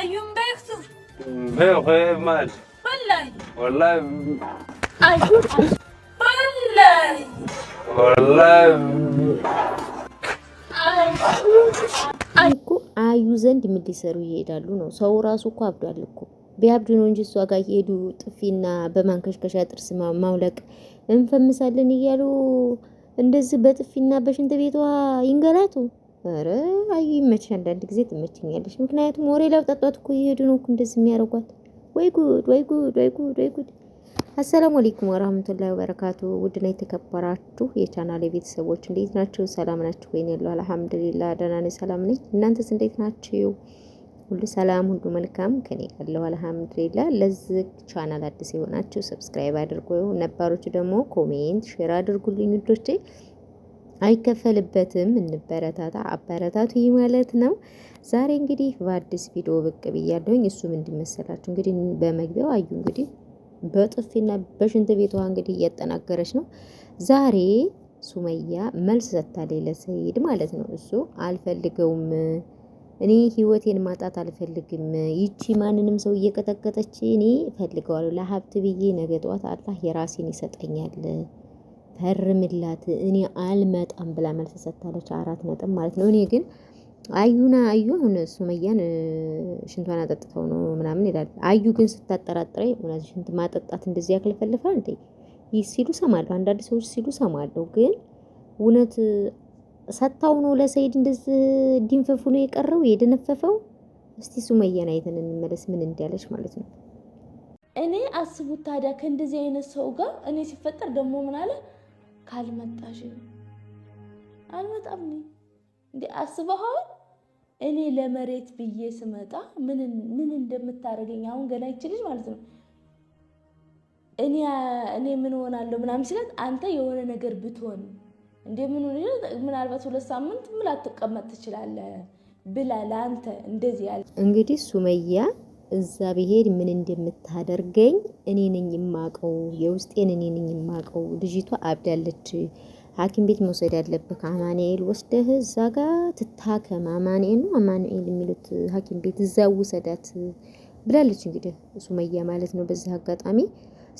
አዩም በክቱር በማል ወላሂ ወላሂ አዩ ወላሂ ወላሂ እኮ አዩ ዘንድ ምን ሊሰሩ ይሄዳሉ ነው። ሰው ራሱ እኮ አብዷል እኮ ቢያብድ ነው እንጂ እሷ ጋር እየሄዱ ጥፊና በማንከሽከሻ ጥርስ ማውለቅ እንፈምሳለን እያሉ እንደዚህ በጥፊና በሽንት ቤቷ ይንገላቱ። ኧረ አዩ ይመችሽ። አንዳንድ ጊዜ ትመቸኛለሽ። ምክንያቱም ወሬ ላብጠጧት እኮ እየሄዱ ነው እንደዚህ የሚያደርጓት። ወይ ጉድ፣ ወይ ጉድ፣ ወይ ጉድ፣ ወይ ጉድ። አሰላሙ አለይኩም ወራህመቱላሂ ወበረካቱ። ውድና የተከበራችሁ የቻናል የቤተሰቦች እንዴት ናችሁ? ሰላም ናችሁ? ወይኔ ያለው አልሐምዱሊላህ ደህና ነኝ፣ ሰላም ነኝ። እናንተስ እንዴት ናችሁ? ሁሉ ሰላም፣ ሁሉ መልካም ከኔ ያለው አልሐምዱሊላህ። ለዚህ ቻናል አዲስ የሆናችሁ ሰብስክራይብ አድርጉ፣ ነባሮቹ ደግሞ ኮሜንት፣ ሼር አድርጉልኝ ውዶቼ አይከፈልበትም። እንበረታታ አበረታቱ ማለት ነው። ዛሬ እንግዲህ በአዲስ ቪዲዮ ብቅ ብያለሁኝ። እሱ ምንድን መሰላችሁ? እንግዲህ በመግቢያው አዩ እንግዲህ በጥፊና በሽንት ቤቷ እንግዲህ እያጠናገረች ነው። ዛሬ ሱመያ መልስ ሰጥታለች ለሰይድ ማለት ነው። እሱ አልፈልገውም እኔ ህይወቴን ማጣት አልፈልግም። ይቺ ማንንም ሰው እየቀጠቀጠች እኔ እፈልገዋለሁ ለሀብት ብዬ ነገ ጠዋት አላህ የራሴን ይሰጠኛል። ፈርምላት እኔ አልመጣም ብላ መልስ ሰጥታለች። አራት ነጥብ ማለት ነው። እኔ ግን አዩና አዩ አሁን ሱመያን ሽንቷን አጠጥተው ነው ምናምን ይላል። አዩ ግን ስታጠራጥረኝ እውነት ሽንት ማጠጣት እንደዚህ ያክልፈልፋል እንዴ? ይህ ሲሉ ሰማለሁ፣ አንዳንድ ሰዎች ሲሉ ሰማለሁ። ግን እውነት ሰታው ነው ለሰይድ እንደዚህ ዲንፈፉ ነው የቀረው የደነፈፈው። እስቲ ሱመያን አይተን እንመለስ ምን እንዳለች ማለት ነው። እኔ አስቡት ታዲያ ከእንደዚህ አይነት ሰው ጋር እኔ ሲፈጠር ደግሞ ምን አለ ካልመጣሽ አልመጣም። እንዲ አስበኸዋል? እኔ ለመሬት ብዬ ስመጣ ምን እንደምታደርገኝ አሁን ገና ይችልሽ ማለት ነው። እኔ ምን ሆናለሁ ምናምን ሲለት አንተ የሆነ ነገር ብትሆን እንደ ምናልባት ሁለት ሳምንት ምን አትቀመጥ ትችላለህ ብላ ለአንተ እንደዚህ ያለ እንግዲህ ሱመያ እዛ ብሄድ ምን እንደምታደርገኝ እኔ ነኝ የማቀው፣ የውስጤን እኔ ነኝ የማቀው። ልጅቷ አብዳለች፣ ሐኪም ቤት መውሰድ ያለብህ አማኑኤል ወስደህ እዛ ጋር ትታከም። አማኑኤል ነው አማኑኤል የሚሉት ሐኪም ቤት እዛ ውሰዳት ብላለች። እንግዲህ ሱመያ ማለት ነው በዚህ አጋጣሚ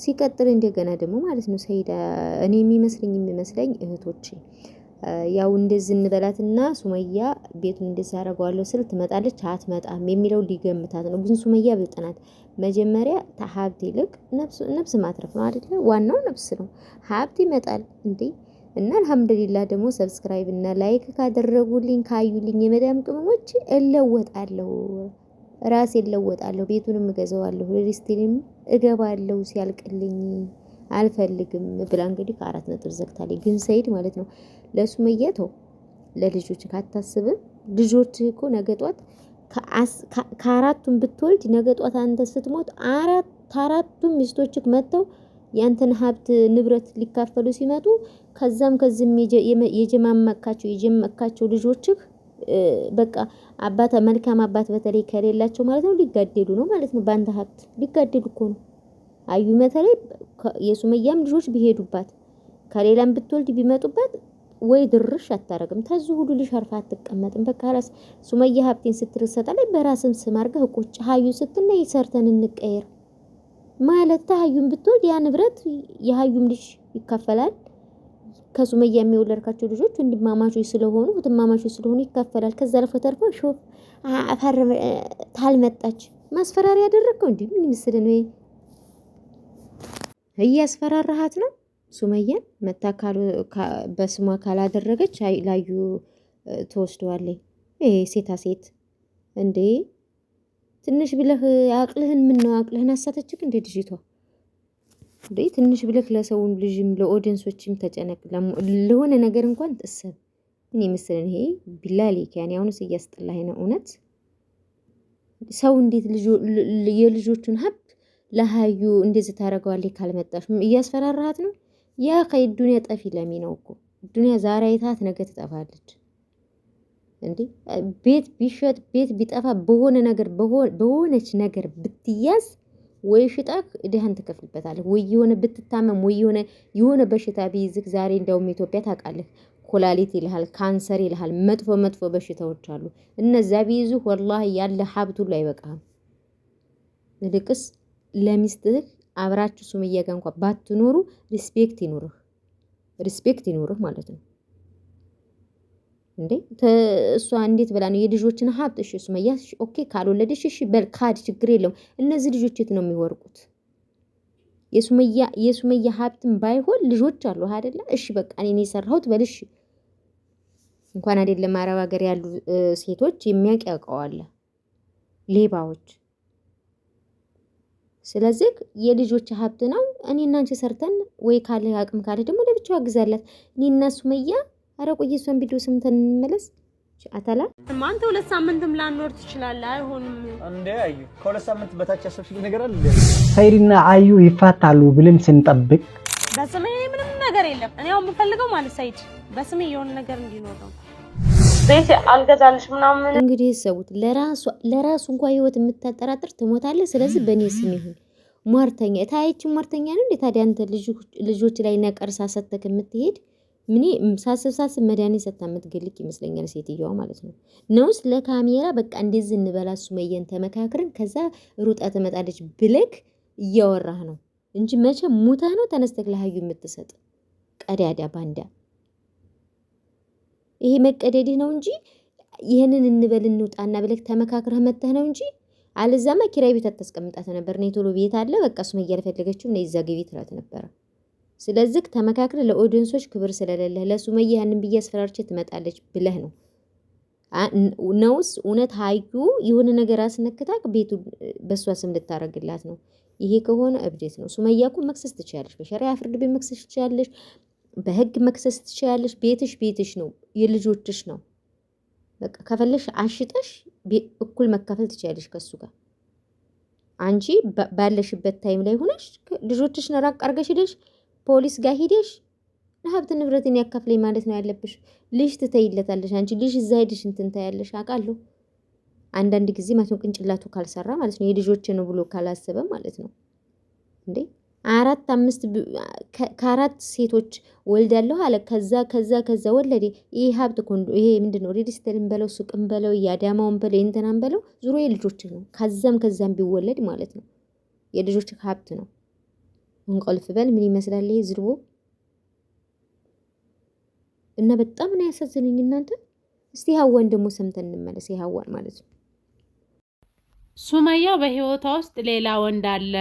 ሲቀጥል እንደገና ደግሞ ማለት ነው ሰይዳ እኔ የሚመስለኝ የሚመስለኝ እህቶች ያው እንደዚህ እንበላትና ሱመያ ቤቱን እንደዚህ አደርገዋለሁ ስል ትመጣለች አትመጣም የሚለው ሊገምታት ነው። ግን ሱመያ ብልጥ መጀመሪያ ሀብት ይልቅ ነፍስ ማትረፍ ነው አይደለ? ዋናው ነፍስ ነው። ሀብት ይመጣል እንዴ! እና አልሐምዱሊላህ ደግሞ ሰብስክራይብ እና ላይክ ካደረጉልኝ ካዩልኝ የመዳም ቅመሞች እለወጣለሁ፣ ራሴ እለወጣለሁ፣ ቤቱንም እገዛዋለሁ፣ ሪስቲንም እገባለሁ ሲያልቅልኝ አልፈልግም ብላ እንግዲህ ከአራት ነጥብ ዘግታለች። ግን ሰይድ ማለት ነው ለሱመያ ተው፣ ለልጆች ካታስብም ልጆች እኮ ነገ ጧት ከአራቱም ብትወልድ ነገ ጧት አንተ ስትሞት አራት አራቱም ሚስቶችህ መጥተው ያንተን ሀብት ንብረት ሊካፈሉ ሲመጡ ከዛም ከዚህም የጀማመካቸው የጀመካቸው ልጆችህ በቃ አባት መልካም አባት በተለይ ከሌላቸው ማለት ነው ሊጋደሉ ነው ማለት ነው። በአንተ ሀብት ሊጋደሉ እኮ ነው። አዩ በተለይ የሱመያም ልጆች ቢሄዱባት ከሌላም ብትወልድ ቢመጡባት ወይ ድርሽ አታረግም። ተዙ ሁሉ ልሸርፋ አትቀመጥም። በቃ ራስ ሱመያ ሀብቴን ስትል ሰጠላይ በራስም ስም አድርገህ ቁጭ ሀዩ ስትል ነይ ሰርተን እንቀየር ማለት ተሀዩም ብትወልድ ያ ንብረት የሀዩም ልጅ ይካፈላል። ከሱመያ የሚወለድካቸው ልጆች ወንድማማቾች ስለሆኑ እህትማማቾች ስለሆኑ ይካፈላል። ከዛ አልፎ ተርፎ ሾፍ አፈር ታልመጣች ማስፈራሪያ ያደረግከው እንዲህ ምን ምስል ነው? እያስፈራራሃት ነው ሱመያን መታ በስሟ ካላደረገች ላዩ ትወስደዋለኝ። ይሄ ሴታ ሴት እንዴ! ትንሽ ብለህ አቅልህን ምን ነው አቅልህን አሳተችክ እንዴ ልጅቷ እንዴ! ትንሽ ብለህ ለሰውን ልጅም ለኦዲየንሶችም ተጨነቅ። ለሆነ ነገር እንኳን ጥሰብ ምን ይመስልን ይሄ ቢላሊ ያኔ አሁንስ እያስጠላህ ነው እውነት ሰው እንዴት የልጆቹን ሀብ ለሀዩ እንደዚህ ታደርገዋለች ካልመጣሽ እያስፈራራሃት ነው። ያ ከይ ከዱኒያ ጠፊ ለሚ ነው እኮ ዱኒያ ዛሬ አይታት ነገ ትጠፋለች። እንዴ ቤት ቢሸጥ ቤት ቢጠፋ በሆነ ነገር በሆነች ነገር ብትያዝ ወይ ሽጣ ድህን ትከፍልበታለህ፣ ወይ የሆነ ብትታመም፣ ወይ የሆነ የሆነ በሽታ ቢይዝክ ዛሬ እንደውም ኢትዮጵያ ታውቃለህ፣ ኮላሊት ይልሃል፣ ካንሰር ይልሃል፣ መጥፎ መጥፎ በሽታዎች አሉ። እነዛ ቢይዙ ወላሂ ያለ ሀብት ሁሉ አይበቃህም። ልቅስ ለሚስትህ አብራችሁ ሱምያ ጋ እንኳን ባትኖሩ ሪስፔክት ይኑርህ ሪስፔክት ይኑርህ ማለት ነው። እንዴ እሷ እንዴት ብላ ነው የልጆችን ሀብት? እሺ ሱመያ ኦኬ ካልወለደሽ እሺ በል ካድ ችግር የለውም። እነዚህ ልጆች የት ነው የሚወርቁት? የሱመያ የሱመያ ሀብትም ባይሆን ልጆች አሉ አይደለ? እሺ በቃ እኔ የሰራሁት በል እሺ። እንኳን አይደለም አረብ ሀገር ያሉ ሴቶች የሚያውቅ ያውቀዋል ሌባዎች ስለዚህ የልጆች ሀብት ነው። እኔ እናንቺ ሰርተን ወይ ካለ አቅም ካለ ደግሞ ለብቻው አግዛላት። እኔ እና ሱመያ አረ ቆይ እሷን ቪዲዮ ስምተን እንመለስ። አታላ አንተ ሁለት ሳምንትም ላኖር ትችላለህ። አይሆንም እንዴ አዩ፣ ከሁለት ሳምንት በታች ያሰብሽ ነገር አለ። ሰይድና አዩ ይፋታሉ ብለን ስንጠብቅ በስሜ ምንም ነገር የለም። እኔ አሁን የምፈልገው ማለት ሰይድ በስሜ የሆነ ነገር እንዲኖር ነው ቤት አልገዛልሽ ምናምን። እንግዲህ ሰቡት ለራሱ እንኳ ህይወት የምታጠራጥር ትሞታለህ። ስለዚህ በእኔ ስም ይሁን ሟርተኛ ታያችን ሟርተኛ ነው እንዴ ታዲያ? አንተ ልጆች ላይ ነቀርሳ ሰተክ የምትሄድ ምን ሳስብ ሳስብ መድኃኒት ሰታ የምትገልቅ ይመስለኛል ሴትየዋ ማለት ነው። ነውስ ለካሜራ በቃ እንደዚህ እንበላ ሱመየን ተመካክርን ከዛ ሩጣ ትመጣለች ብለክ እያወራህ ነው እንጂ መቼ ሙታ ነው ተነስተክ ለሀዩ የምትሰጥ ቀዳዳ ባንዳ ይሄ መቀደድህ ነው እንጂ ይህንን እንበል እንውጣና ብለህ ተመካክረህ መተህ ነው እንጂ አለዛማ ኪራይ ቤት አታስቀምጣት ነበር። እኔ ቶሎ ቤት አለ በቃ መያ አልፈለገችው ነው እዛ ግቢ ትላት ነበረ። ስለዚህ ተመካክረህ ለኦዲየንሶች ክብር ስለሌለህ ለሱመያ ያንን ብዬ አስፈራርቼ ትመጣለች ብለህ ነው ነውስ እውነት ሀዩ የሆነ ነገር አስነክታ ቤቱ በእሷ ስም ልታረግላት ነው። ይሄ ከሆነ እብዴት ነው። ሱመያ እኮ መክሰስ ትችላለች። በሸሪያ ፍርድ ቤት መክሰስ ትችላለች። በህግ መክሰስ ትችላለች ቤትሽ ቤትሽ ነው፣ የልጆችሽ ነው። በቃ ከፈለሽ አሽጠሽ እኩል መካፈል ትችላለሽ ከሱ ጋር። አንቺ ባለሽበት ታይም ላይ ሆነሽ ልጆችሽን ራቅ አርገሽ ሄደሽ ፖሊስ ጋር ሄደሽ ለሀብት ንብረትን ያካፍለኝ ማለት ነው ያለብሽ። ልጅ ትተይለታለሽ። አንቺ ልጅ እዛ ሄድሽ እንትን ታያለሽ። አውቃለሁ አንዳንድ ጊዜ ማለት ነው ቅንጭላቱ ካልሰራ ማለት ነው የልጆች ነው ብሎ ካላሰበ ማለት ነው እንዴ አራት አምስት ከአራት ሴቶች ወልዳለሁ አለ። ከዛ ከዛ ከዛ ወለደ። ይሄ ሀብት ኮንዶ ይሄ ምንድነው? ሬዲስተርን በለው ሱቅን በለው የአዳማውን በለው የእንትናን በለው ዙሮ የልጆች ነው። ከዛም ከዛም ቢወለድ ማለት ነው የልጆች ሀብት ነው። እንቆልፍ በል ምን ይመስላል ይሄ ዝርቦ እና በጣም ነው ያሳዝነኝ እናንተ። እስቲ ሀዋን ደግሞ ሰምተን እንመለስ። ሀዋን ማለት ነው ሱመያ በህይወቷ ውስጥ ሌላ ወንድ አለ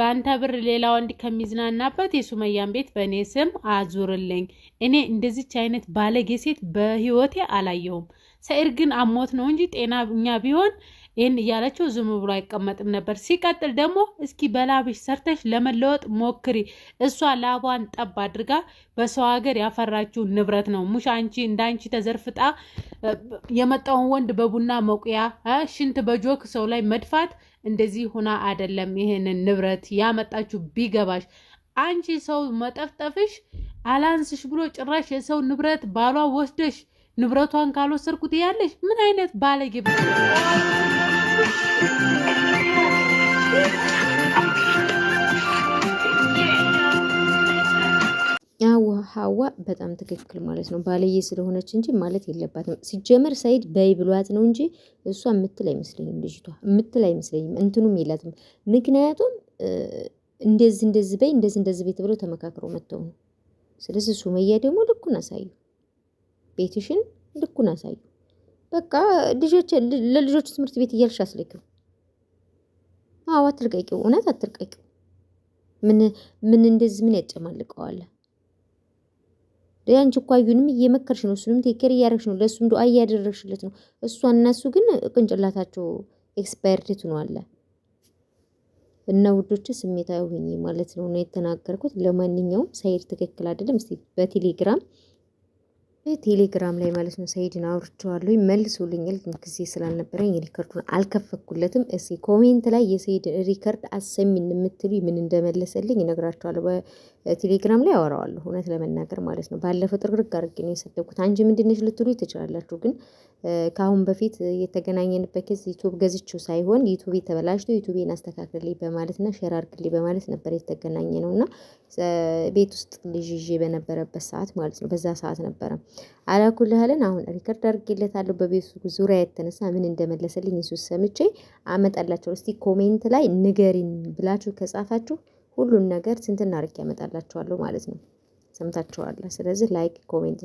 በአንተ ብር ሌላ ወንድ ከሚዝናናበት የሱመያን ቤት በእኔ ስም አዙርልኝ። እኔ እንደዚች አይነት ባለጌ ሴት በህይወቴ አላየውም። ሰኢድ ግን አሞት ነው እንጂ ጤናኛ ቢሆን ይህን እያለችው ዝም ብሎ አይቀመጥም ነበር። ሲቀጥል ደግሞ እስኪ በላብሽ ሰርተሽ ለመለወጥ ሞክሪ። እሷ ላቧን ጠብ አድርጋ በሰው ሀገር ያፈራችው ንብረት ነው። ሙሽ አንቺ እንዳንቺ ተዘርፍጣ የመጣውን ወንድ በቡና መቁያ፣ ሽንት በጆክ ሰው ላይ መድፋት እንደዚህ ሁና አይደለም ይህንን ንብረት ያመጣችሁ ቢገባሽ አንቺ ሰው መጠፍጠፍሽ አላንስሽ ብሎ ጭራሽ የሰው ንብረት ባሏ ወስደሽ ንብረቷን ካልወሰድኩት ያለሽ ምን አይነት ባለጌ አዋ ሀዋ በጣም ትክክል ማለት ነው። ባለዬ ስለሆነች እንጂ ማለት የለባትም። ሲጀመር ሰይድ በይ ብሏት ነው እንጂ እሷ የምትል አይመስለኝም። ልጅቷ የምትል አይመስለኝም። እንትኑም የላትም። ምክንያቱም እንደዚህ እንደዚህ በይ እንደዚህ እንደዚህ በይ ተብለው ተመካክረው መጥተው ነው። ስለዚህ ሱመያ ደግሞ ልኩን አሳዩ። ቤትሽን ልኩን አሳዩ። በቃ ልጆች ትምህርት ቤት እያልሽ አስልኪው። አዎ አትርቀቂው፣ እውነት አትርቀቂው። ምን ምን እንደዚህ ምን ያጨማልቀዋል? ያንቺ እኮ አዩንም እየመከርሽ ነው፣ እሱንም ቴክር እያደረግሽ ነው፣ ለእሱም ዱአ እያደረግሽለት ነው። እሷ እነሱ ግን ቅንጭላታቸው ኤክስፓየርድ ትኗል። እና ውዶች ስሜታዊ ሆኜ ማለት ነው ነው የተናገርኩት። ለማንኛውም ሳይድ ትክክል አይደለም። እስቲ በቴሌግራም ቴሌግራም ላይ ማለት ነው። ሰኢድን አውርቼዋለሁ መልሱልኝ ልኝ ጊዜ ስላልነበረኝ ሪከርዱን አልከፈኩለትም። እስኪ ኮሜንት ላይ የሰኢድን ሪከርድ አሰሚን የምትሉ ምን እንደመለሰልኝ እነግራችኋለሁ። ቴሌግራም ላይ አወራዋለሁ እውነት ለመናገር ማለት ነው። ባለፈው ጥርግርግ አድርጌ ነው የሰደብኩት አንቺ ምንድነች ልትሉ ትችላላችሁ። ግን ከአሁን በፊት የተገናኘንበት ጊዜ ዩቱብ ገዝቼው ሳይሆን ዩቲዩቤ ተበላሽቶ ዩቲዩቤን አስተካክልልኝ በማለት እና ሼር አድርግልኝ በማለት ነበር ነው እና ቤት ውስጥ ልጅ ይዤ በነበረበት ሰዓት ማለት ነው። በዛ ሰዓት ነበረ አላኩልህልን አሁን ሪከርድ አድርጌለታለሁ በቤቱ ዙሪያ የተነሳ ምን እንደመለሰልኝ እሱ ሰምቼ አመጣላቸው እስቲ ኮሜንት ላይ ንገሪን ብላችሁ ከጻፋችሁ ሁሉን ነገር ትንትን አድርጌ ያመጣላችኋለሁ ማለት ነው። ሰምታችኋል ስለዚህ ላይክ ኮሜንት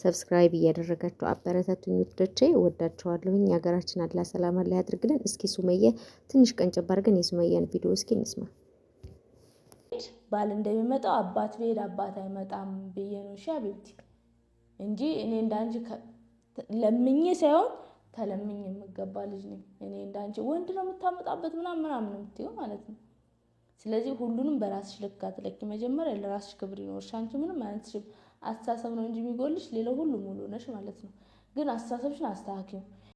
ሰብስክራይብ እያደረጋችሁ አበረታቱኝ ውዶቼ ወዳችኋለሁኝ። ሀገራችን አላህ ሰላም አላህ ያድርግልን። እስኪ ሱመየ ትንሽ ቀንጨብ አድርገን የሱመየን ቪዲዮ እስኪ እንስማ። ባል እንደሚመጣው አባት ብሄድ አባት አይመጣም ብዬ ነው ሻ ቤት እንጂ እኔ እንዳንቺ ለምኝ ሳይሆን ከለምኝ የምገባ ልጅ ነኝ። እኔ እንዳንቺ ወንድ ነው የምታመጣበት ምናምን ምናምን የምትይው ማለት ነው ስለዚህ ሁሉንም በራስሽ ልክ አትለኪ። መጀመሪያ ለራስሽ ክብር ይኖርሽ። አንቺ ምንም አይነት አስተሳሰብ ነው እንጂ የሚጎልሽ ሌላው ሁሉ ሙሉ ነሽ ማለት ነው። ግን አስተሳሰብሽን አስተካክይው።